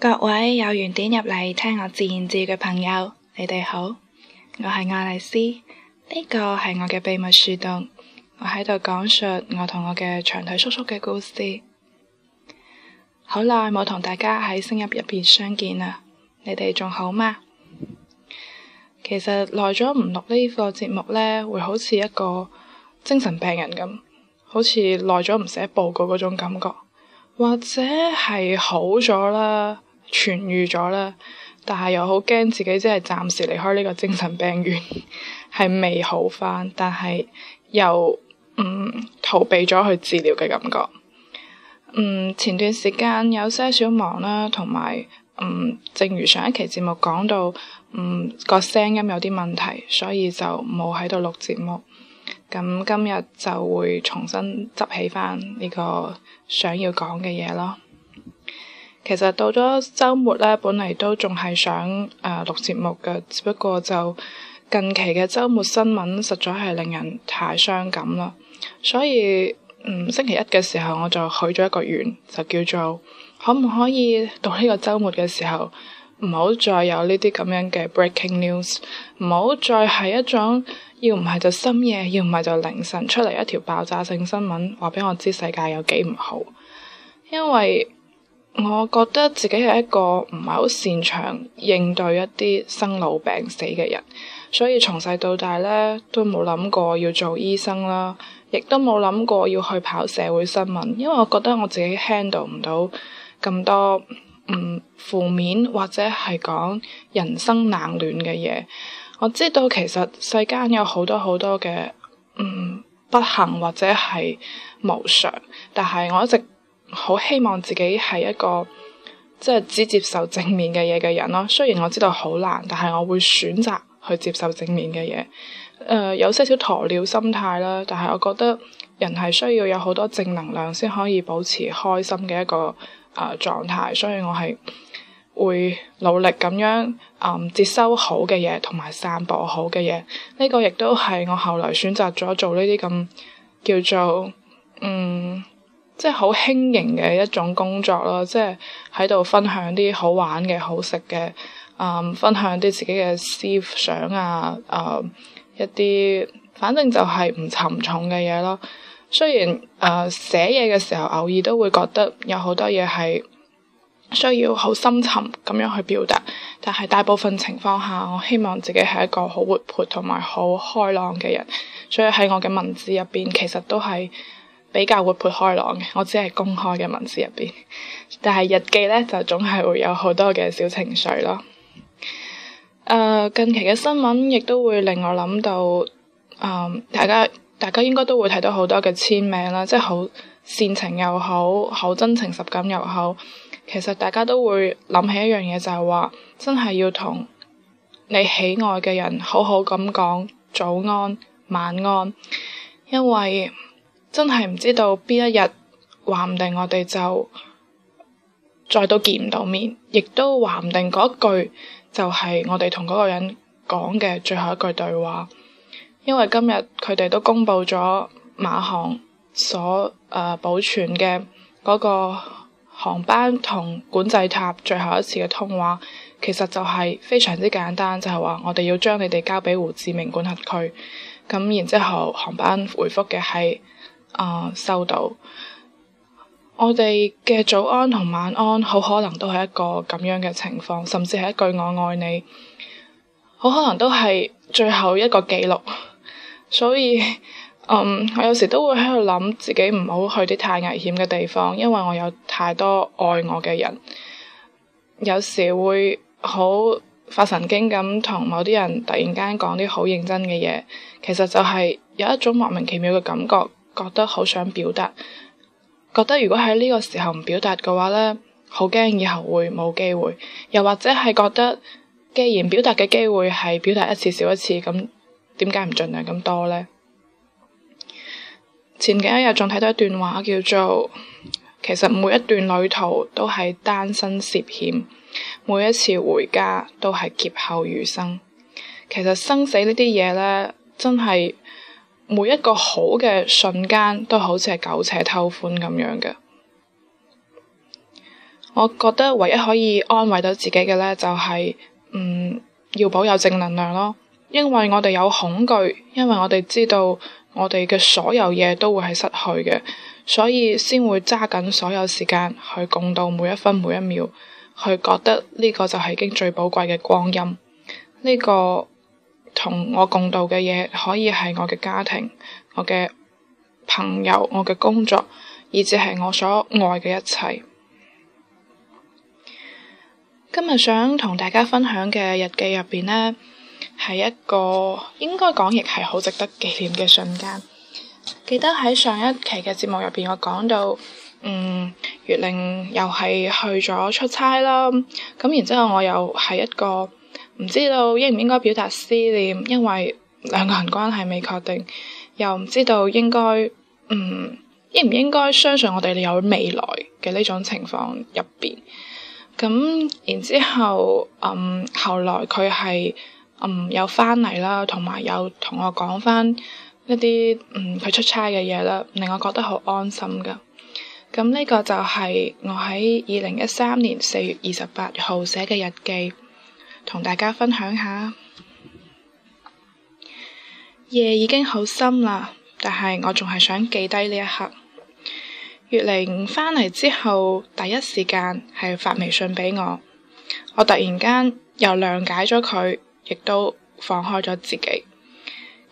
各位有緣點入嚟聽我自言自語嘅朋友，你哋好，我係愛麗絲，呢個係我嘅秘密樹洞，我喺度講述我同我嘅長腿叔叔嘅故事。好耐冇同大家喺聲音入邊相見啦，你哋仲好嗎？其實耐咗唔錄呢個節目呢，會好似一個精神病人咁，好似耐咗唔寫報告嗰種感覺，或者係好咗啦。痊愈咗啦，但係又好驚自己即係暫時離開呢個精神病院，係 未好翻，但係又嗯逃避咗去治療嘅感覺。嗯，前段時間有些少忙啦，同埋嗯正如上一期節目講到，嗯個聲音有啲問題，所以就冇喺度錄節目。咁今日就會重新執起翻呢個想要講嘅嘢咯。其實到咗週末咧，本嚟都仲係想誒、呃、錄節目嘅，只不過就近期嘅週末新聞實在係令人太傷感啦，所以嗯星期一嘅時候我就許咗一個願，就叫做可唔可以到呢個週末嘅時候唔好再有呢啲咁樣嘅 breaking news，唔好再係一種要唔係就深夜，要唔係就凌晨出嚟一條爆炸性新聞，話俾我知世界有幾唔好，因為。我覺得自己係一個唔係好擅長應對一啲生老病死嘅人，所以從細到大咧都冇諗過要做醫生啦，亦都冇諗過要去跑社會新聞，因為我覺得我自己 handle 唔到咁多嗯負面或者係講人生冷暖嘅嘢。我知道其實世間有好多好多嘅、嗯、不幸或者係無常，但係我一直。好希望自己係一個即係只接受正面嘅嘢嘅人咯，雖然我知道好難，但係我會選擇去接受正面嘅嘢。誒、呃，有些少鴕鳥心態啦，但係我覺得人係需要有好多正能量先可以保持開心嘅一個啊、呃、狀態，所以我係會努力咁樣啊、呃、接收好嘅嘢，同埋散播好嘅嘢。呢、呢個亦都係我後來選擇咗做呢啲咁叫做嗯。即係好輕盈嘅一種工作咯，即係喺度分享啲好玩嘅、好食嘅，嗯，分享啲自己嘅思想啊，誒、嗯，一啲，反正就係唔沉重嘅嘢咯。雖然誒、呃、寫嘢嘅時候，偶爾都會覺得有好多嘢係需要好深沉咁樣去表達，但係大部分情況下，我希望自己係一個好活潑同埋好開朗嘅人，所以喺我嘅文字入邊，其實都係。比較活潑開朗嘅，我只係公開嘅文字入邊，但係日記呢，就總係會有好多嘅小情緒咯。誒、呃，近期嘅新聞亦都會令我諗到，誒、呃、大家大家應該都會睇到好多嘅簽名啦，即係好煽情又好，好真情實感又好。其實大家都會諗起一樣嘢，就係、是、話真係要同你喜愛嘅人好好咁講早安，晚安，因為，真係唔知道邊一日，話唔定我哋就再都見唔到面，亦都話唔定嗰一句就係我哋同嗰個人講嘅最後一句對話。因為今日佢哋都公佈咗馬航所誒、呃、保存嘅嗰個航班同管制塔最後一次嘅通話，其實就係非常之簡單，就係、是、話我哋要將你哋交俾胡志明管轄區。咁然之後，航班回覆嘅係。啊！Uh, 收到，我哋嘅早安同晚安，好可能都係一個咁樣嘅情況，甚至係一句我愛你，好可能都係最後一個記錄。 所以，嗯，我有時都會喺度諗自己唔好去啲太危險嘅地方，因為我有太多愛我嘅人。有時會好發神經咁同某啲人突然間講啲好認真嘅嘢，其實就係有一種莫名其妙嘅感覺。覺得好想表達，覺得如果喺呢個時候唔表達嘅話呢，好驚以後會冇機會。又或者係覺得，既然表達嘅機會係表達一次少一次，咁點解唔盡量咁多呢？前幾日仲睇到一段話，叫做：其實每一段旅途都係單身涉險，每一次回家都係劫後餘生。其實生死呢啲嘢呢，真係。每一個好嘅瞬間，都好似係苟且偷歡咁樣嘅。我覺得唯一可以安慰到自己嘅呢，就係，嗯，要保有正能量咯。因為我哋有恐懼，因為我哋知道我哋嘅所有嘢都會係失去嘅，所以先會揸緊所有時間去共度每一分每一秒，去覺得呢個就係已經最寶貴嘅光陰。呢個同我共度嘅嘢，可以係我嘅家庭、我嘅朋友、我嘅工作，以至係我所愛嘅一切。今日想同大家分享嘅日記入邊呢，係一個應該講亦係好值得紀念嘅瞬間。記得喺上一期嘅節目入邊，我講到，嗯，月令又係去咗出差啦，咁然之後我又係一個。唔知道應唔應該表達思念，因為兩個人關係未確定，又唔知道應該嗯應唔應該相信我哋有未來嘅呢種情況入邊。咁、嗯、然之後嗯，後來佢係嗯有翻嚟啦，同埋有同我講翻一啲嗯佢出差嘅嘢啦，令我覺得好安心㗎。咁、嗯、呢、呢個就係我喺二零一三年四月二十八號寫嘅日記。同大家分享下，夜已經好深啦，但係我仲係想記低呢一刻。月玲返嚟之後，第一時間係發微信俾我，我突然間又諒解咗佢，亦都放開咗自己。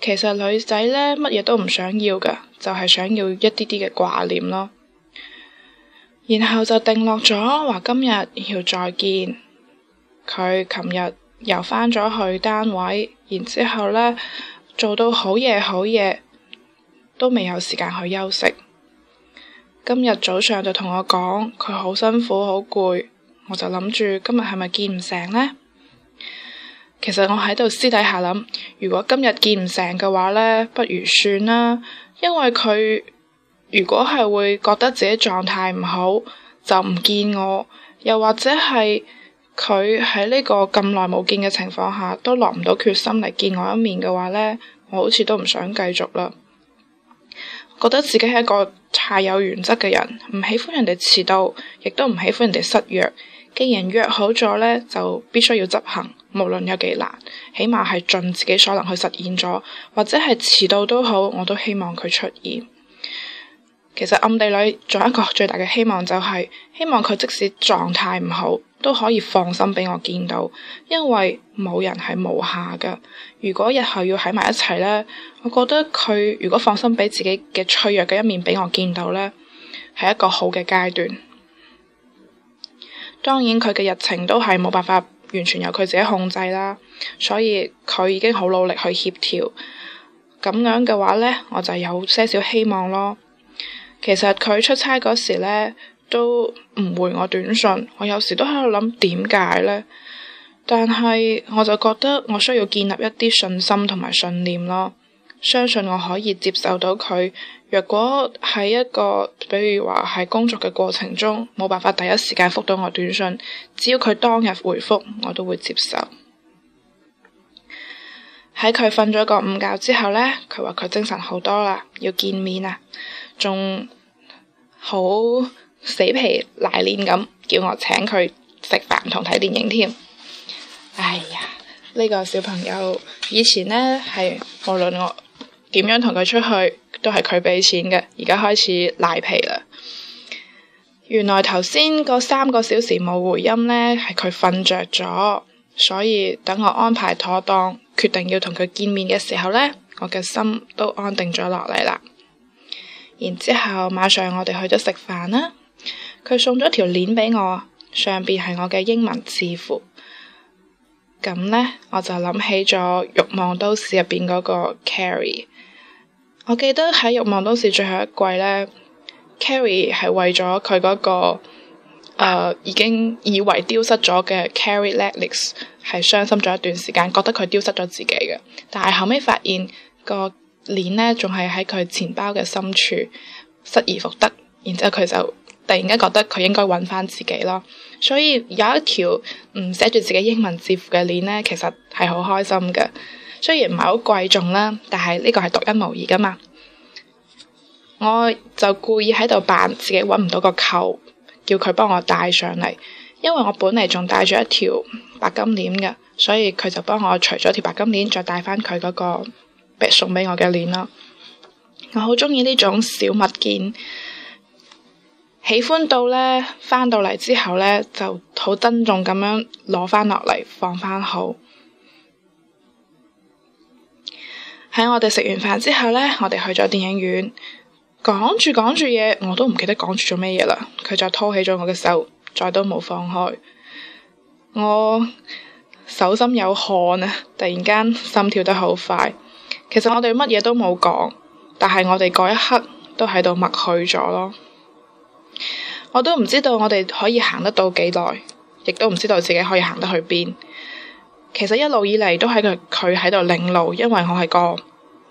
其實女仔呢，乜嘢都唔想要嘅，就係想要一啲啲嘅掛念咯。然後就定落咗話，今日要再見。佢琴日又返咗去單位，然之後呢做到好夜好夜，都未有時間去休息。今日早上就同我講，佢好辛苦，好攰。我就諗住今日係咪見唔成呢？其實我喺度私底下諗，如果今日見唔成嘅話呢，不如算啦。因為佢如果係會覺得自己狀態唔好，就唔見我，又或者係。佢喺呢個咁耐冇見嘅情況下，都落唔到決心嚟見我一面嘅話呢，我好似都唔想繼續啦。覺得自己係一個太有原則嘅人，唔喜歡人哋遲到，亦都唔喜歡人哋失約。既然約好咗呢，就必須要執行，無論有幾難，起碼係盡自己所能去實現咗，或者係遲到都好，我都希望佢出現。其實暗地裏，仲有一個最大嘅希望就係、是、希望佢即使狀態唔好。都可以放心俾我見到，因為冇人係無瑕嘅。如果日後要喺埋一齊呢，我覺得佢如果放心俾自己嘅脆弱嘅一面俾我見到呢，係一個好嘅階段。當然佢嘅日程都係冇辦法完全由佢自己控制啦，所以佢已經好努力去協調。咁樣嘅話呢，我就有些少希望咯。其實佢出差嗰時呢。都唔回我短信，我有時都喺度諗點解呢。但係我就覺得我需要建立一啲信心同埋信念咯，相信我可以接受到佢。若果喺一個，比如話喺工作嘅過程中冇辦法第一時間覆到我短信，只要佢當日回覆我都會接受。喺佢瞓咗個午覺之後呢，佢話佢精神好多啦，要見面啊，仲好。死皮賴臉咁叫我請佢食飯同睇電影添。哎呀，呢個小朋友以前呢，係無論我點樣同佢出去，都係佢俾錢嘅。而家開始賴皮啦。原來頭先嗰三個小時冇回音呢，係佢瞓着咗，所以等我安排妥當，決定要同佢見面嘅時候呢，我嘅心都安定咗落嚟啦。然之後馬上我哋去咗食飯啦。佢送咗一條鏈俾我，上邊係我嘅英文字符咁呢，我就諗起咗《欲望都市》入邊嗰個 Carrie。我記得喺《欲望都市》最後一季呢 Carrie 係為咗佢嗰個誒、呃、已經以為丟失咗嘅 Carrie Latkes 係傷心咗一段時間，覺得佢丟失咗自己嘅，但係後尾發現、那個鏈呢，仲係喺佢錢包嘅深處失而復得，然之後佢就。突然間覺得佢應該揾翻自己咯，所以有一條嗯寫住自己英文字符嘅鏈呢，其實係好開心嘅。雖然唔係好貴重啦，但係呢個係獨一無二噶嘛。我就故意喺度扮自己揾唔到個扣，叫佢幫我戴上嚟，因為我本嚟仲戴住一條白金鏈嘅，所以佢就幫我除咗條白金鏈，再戴返佢嗰個送俾我嘅鏈咯。我好中意呢種小物件。喜歡到呢，返到嚟之後呢，就好珍重咁樣攞返落嚟放返好。喺我哋食完飯之後呢，我哋去咗電影院，講住講住嘢，我都唔記得講住咗咩嘢啦。佢再拖起咗我嘅手，再都冇放開。我手心有汗啊！突然間心跳得好快。其實我哋乜嘢都冇講，但係我哋嗰一刻都喺度默許咗咯。我都唔知道我哋可以行得到幾耐，亦都唔知道自己可以行得去邊。其實一路以嚟都係佢喺度領路，因為我係個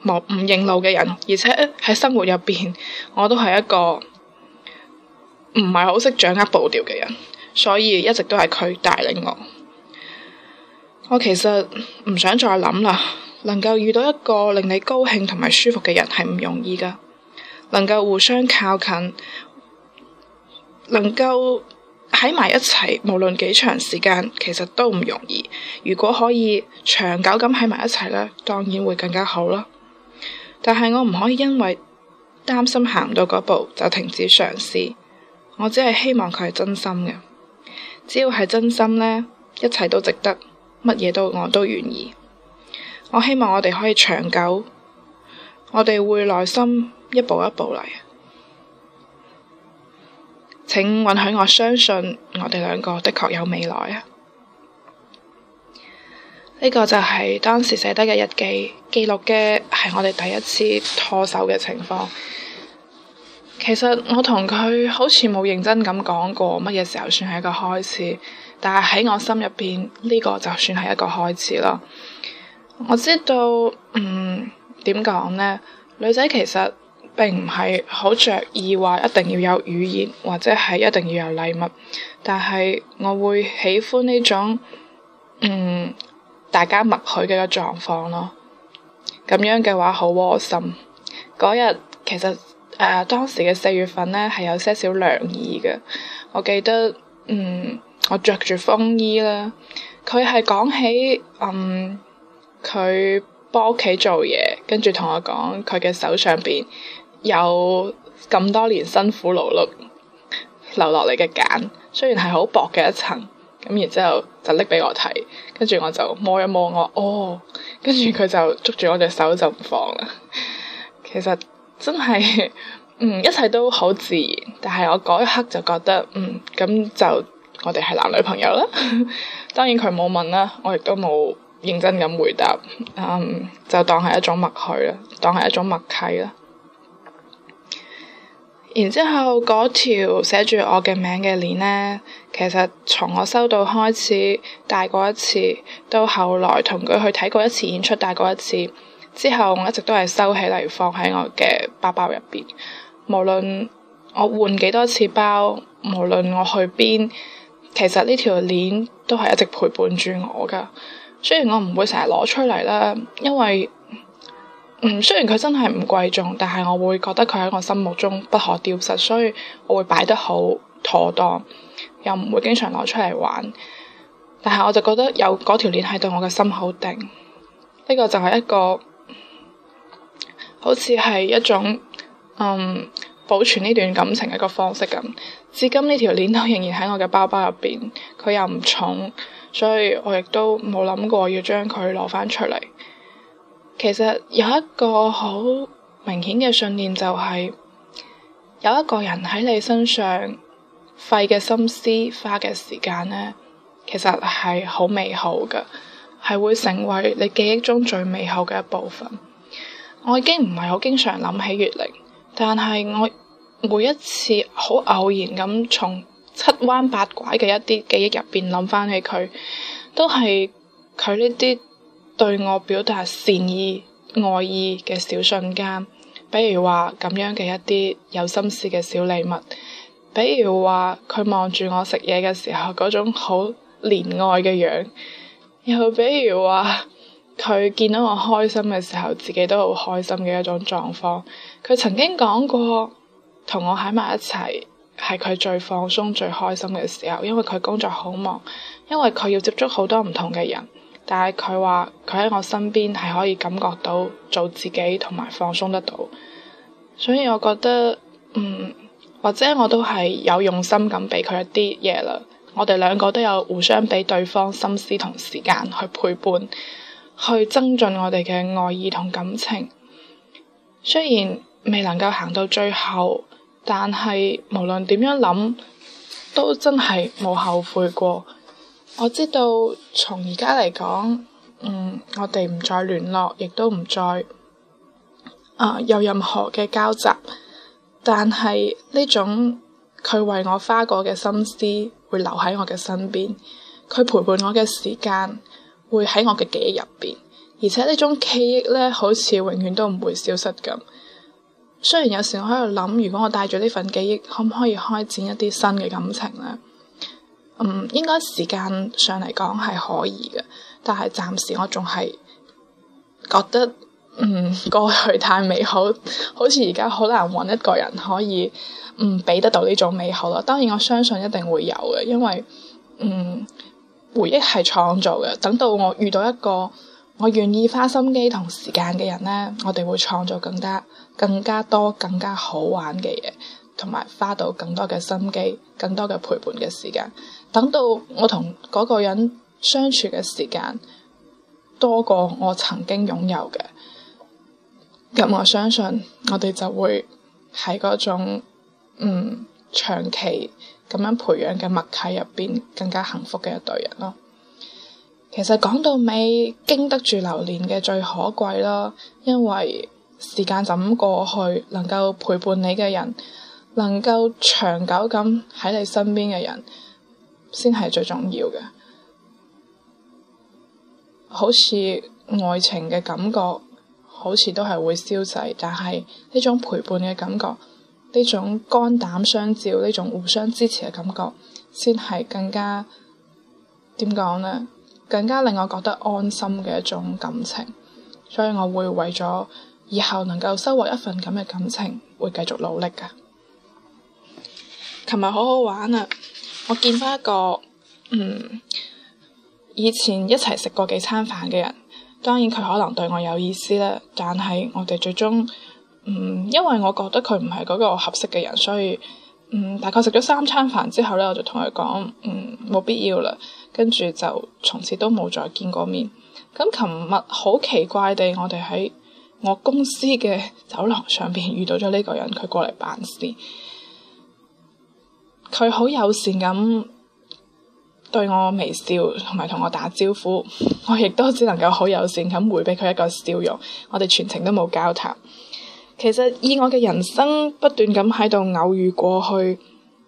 冇唔認路嘅人，而且喺生活入邊我都係一個唔係好識掌握步調嘅人，所以一直都係佢帶領我。我其實唔想再諗啦。能夠遇到一個令你高興同埋舒服嘅人係唔容易㗎，能夠互相靠近，能夠喺埋一齊，無論幾長時間，其實都唔容易。如果可以長久咁喺埋一齊呢，當然會更加好啦。但係我唔可以因為擔心行唔到嗰步就停止嘗試。我只係希望佢係真心嘅。只要係真心呢，一切都值得，乜嘢都我都願意。我希望我哋可以長久，我哋會耐心一步一步嚟。請允許我相信，我哋兩個的確有未來啊！呢個就係當時寫低嘅日記，記錄嘅係我哋第一次拖手嘅情況。其實我同佢好似冇認真咁講過乜嘢時候算係一個開始，但係喺我心入邊呢個就算係一個開始咯。我知道，嗯，點講呢？女仔其實。並唔係好着意話一定要有語言或者係一定要有禮物，但係我會喜歡呢種嗯大家默許嘅個狀況咯。咁樣嘅話好窩心。嗰日其實誒、呃、當時嘅四月份呢，係有些少涼意嘅。我記得嗯，我着住風衣啦。佢係講起嗯佢幫屋企做嘢，跟住同我講佢嘅手上邊有咁多年辛苦勞碌留落嚟嘅繭，雖然係好薄嘅一層咁，然之後就拎俾我睇，跟住我就摸一摸我，我哦，跟住佢就捉住我隻手就唔放啦。其實真係嗯，一切都好自然，但係我嗰一刻就覺得嗯咁就我哋係男女朋友啦。當然佢冇問啦，我亦都冇認真咁回答，嗯，就當係一種默許啦，當係一種默契啦。然之後，嗰條寫住我嘅名嘅鏈呢，其實從我收到開始，戴過一次，到後來同佢去睇過一次演出，戴過一次，之後我一直都係收起嚟，放喺我嘅包包入邊。無論我換幾多次包，無論我去邊，其實呢條鏈都係一直陪伴住我㗎。雖然我唔會成日攞出嚟啦，因為嗯，雖然佢真係唔貴重，但係我會覺得佢喺我心目中不可丟失，所以我會擺得好妥當，又唔會經常攞出嚟玩。但係我就覺得有嗰條鏈喺度，我嘅心好定。呢個就係一個，好似係一種嗯，保存呢段感情嘅一個方式咁。至今呢條鏈都仍然喺我嘅包包入邊，佢又唔重，所以我亦都冇諗過要將佢攞翻出嚟。其實有一個好明顯嘅信念，就是，就係有一個人喺你身上費嘅心思、花嘅時間呢，其實係好美好嘅，係會成為你記憶中最美好嘅一部分。我已經唔係好經常諗起月玲，但係我每一次好偶然咁從七彎八拐嘅一啲記憶入邊諗返起佢，都係佢呢啲。對我表達善意、愛意嘅小瞬間，比如話咁樣嘅一啲有心思嘅小禮物，比如話佢望住我食嘢嘅時候嗰種好憐愛嘅樣，又比如話佢見到我開心嘅時候，自己都好開心嘅一種狀況。佢曾經講過，同我喺埋一齊係佢最放鬆、最開心嘅時候，因為佢工作好忙，因為佢要接觸好多唔同嘅人。但係佢話佢喺我身邊係可以感覺到做自己同埋放鬆得到，所以我覺得，嗯，或者我都係有用心咁俾佢一啲嘢啦。我哋兩個都有互相俾對方心思同時間去陪伴，去增進我哋嘅愛意同感情。雖然未能夠行到最後，但係無論點樣諗，都真係冇後悔過。我知道從而家嚟講，嗯，我哋唔再聯絡，亦都唔再啊、呃、有任何嘅交集。但係呢種佢為我花過嘅心思，會留喺我嘅身邊；佢陪伴我嘅時間，會喺我嘅記憶入邊。而且呢種記憶咧，好似永遠都唔會消失咁。雖然有時我喺度諗，如果我帶住呢份記憶，可唔可以開展一啲新嘅感情咧？嗯，應該時間上嚟講係可以嘅，但係暫時我仲係覺得，嗯，過去太美好，好似而家好難揾一個人可以，嗯，畀得到呢種美好啦。當然我相信一定會有嘅，因為嗯，回憶係創造嘅。等到我遇到一個我願意花心機同時間嘅人呢，我哋會創造更加、更加多、更加好玩嘅嘢。同埋花到更多嘅心機，更多嘅陪伴嘅時間，等到我同嗰個人相處嘅時間多過我曾經擁有嘅，咁我相信我哋就會喺嗰種嗯長期咁樣培養嘅默契入邊更加幸福嘅一對人咯。其實講到尾，經得住流年嘅最可貴啦，因為時間就咁過去，能夠陪伴你嘅人。能夠長久咁喺你身邊嘅人，先係最重要嘅。好似愛情嘅感覺，好似都係會消逝，但係呢種陪伴嘅感覺，呢種肝膽相照，呢種互相支持嘅感覺，先係更加點講呢？更加令我覺得安心嘅一種感情。所以，我會為咗以後能夠收穫一份咁嘅感情，會繼續努力㗎。琴日好好玩啊！我見翻一個，嗯，以前一齊食過幾餐飯嘅人，當然佢可能對我有意思啦。但係我哋最終，嗯，因為我覺得佢唔係嗰個合適嘅人，所以，嗯，大概食咗三餐飯之後咧，我就同佢講，嗯，冇必要啦，跟住就從此都冇再見過面。咁琴日好奇怪地，我哋喺我公司嘅走廊上邊遇到咗呢個人，佢過嚟辦事。佢好友善咁對我微笑，同埋同我打招呼，我亦都只能夠好友善咁回畀佢一個笑容。我哋全程都冇交談。其實以我嘅人生不斷咁喺度偶遇過去，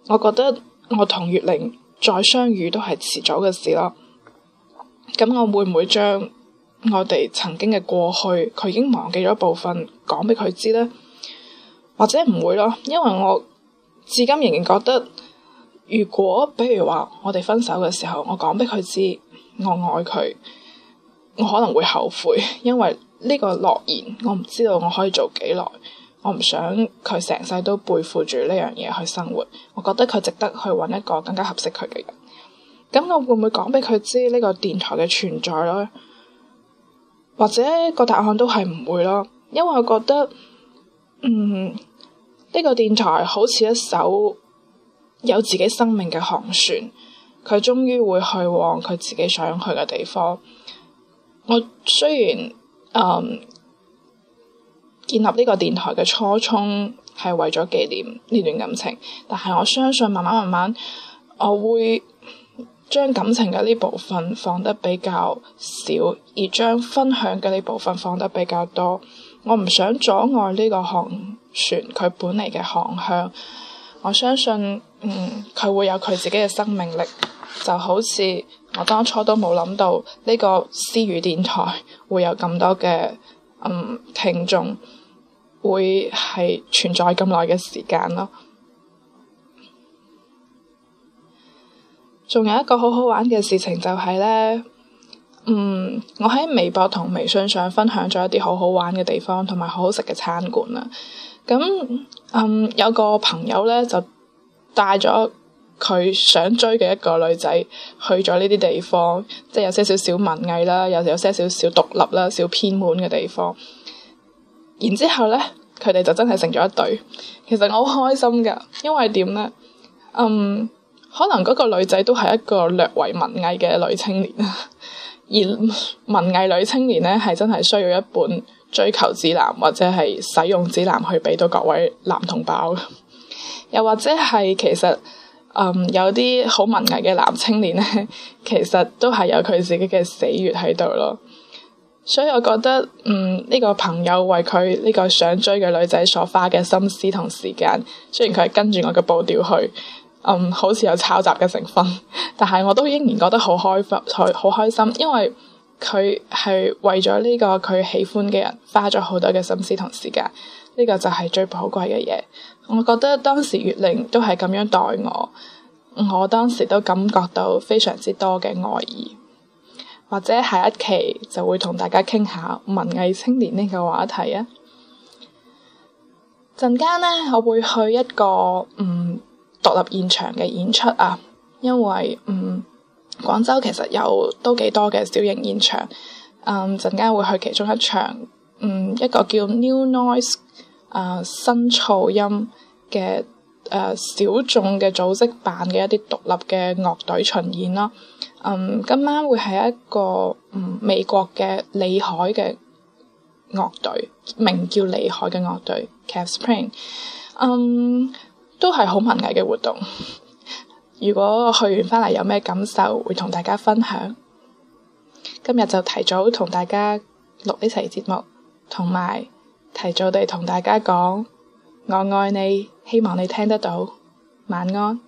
我覺得我同月玲再相遇都係遲早嘅事咯。咁我會唔會將我哋曾經嘅過去，佢已經忘記咗部分，講畀佢知咧？或者唔會咯，因為我至今仍然覺得。如果比如話我哋分手嘅時候，我講畀佢知我愛佢，我可能會後悔，因為呢個諾言我唔知道我可以做幾耐，我唔想佢成世都背負住呢樣嘢去生活。我覺得佢值得去揾一個更加合適佢嘅人。咁我會唔會講畀佢知呢個電台嘅存在咯，或者個答案,都係唔會咯，因為我覺得，嗯，呢個電台好似一首。有自己生命嘅航船，佢終於會去往佢自己想去嘅地方。我雖然誒、嗯、建立呢個電台嘅初衷係為咗紀念呢段感情，但係我相信慢慢慢慢，我會將感情嘅呢部分放得比較少，而將分享嘅呢部分放得比較多。我唔想阻礙呢個航船，佢本嚟嘅航向。我相信。嗯，佢會有佢自己嘅生命力，就好似我當初都冇諗到呢個私語電台會有咁多嘅嗯聽眾，會係存在咁耐嘅時間咯。仲有一個好好玩嘅事情就係咧，嗯，我喺微博同微信上分享咗一啲好好玩嘅地方，同埋好好食嘅餐館啊。咁嗯，有個朋友咧就。帶咗佢想追嘅一個女仔去咗呢啲地方，即係有些少少文藝啦，有時有些少少獨立啦、少偏門嘅地方。然之後呢，佢哋就真係成咗一對。其實我好開心㗎，因為點呢？嗯，可能嗰個女仔都係一個略為文藝嘅女青年，而文藝女青年呢，係真係需要一本追求指南或者係使用指南去俾到各位男同胞。又或者係其實，嗯，有啲好文藝嘅男青年咧，其實都係有佢自己嘅死穴喺度咯。所以我覺得，嗯，呢個朋友為佢呢個想追嘅女仔所花嘅心思同時間，雖然佢係跟住我嘅步調去，嗯，好似有抄襲嘅成分，但係我都仍然覺得好開心，好開心，因為。佢係為咗呢個佢喜歡嘅人花咗好多嘅心思同時間，呢個就係最寶貴嘅嘢。我覺得當時月玲都係咁樣待我，我當時都感覺到非常之多嘅愛意。或者下一期就會同大家傾下文藝青年呢個話題啊。陣間呢，我會去一個嗯獨立現場嘅演出啊，因為嗯。廣州其實有都幾多嘅小型現場，嗯，陣間會去其中一場，嗯，一個叫 New Noise，啊、呃，新噪音嘅誒、呃、小眾嘅組織辦嘅一啲獨立嘅樂隊巡演啦。嗯，今晚會係一個嗯美國嘅裏海嘅樂隊，名叫裏海嘅樂隊 Capspring，嗯，都係好文藝嘅活動。如果我去完翻嚟有咩感受，會同大家分享。今日就提早同大家錄呢集節目，同埋提早地同大家講我愛你，希望你聽得到，晚安。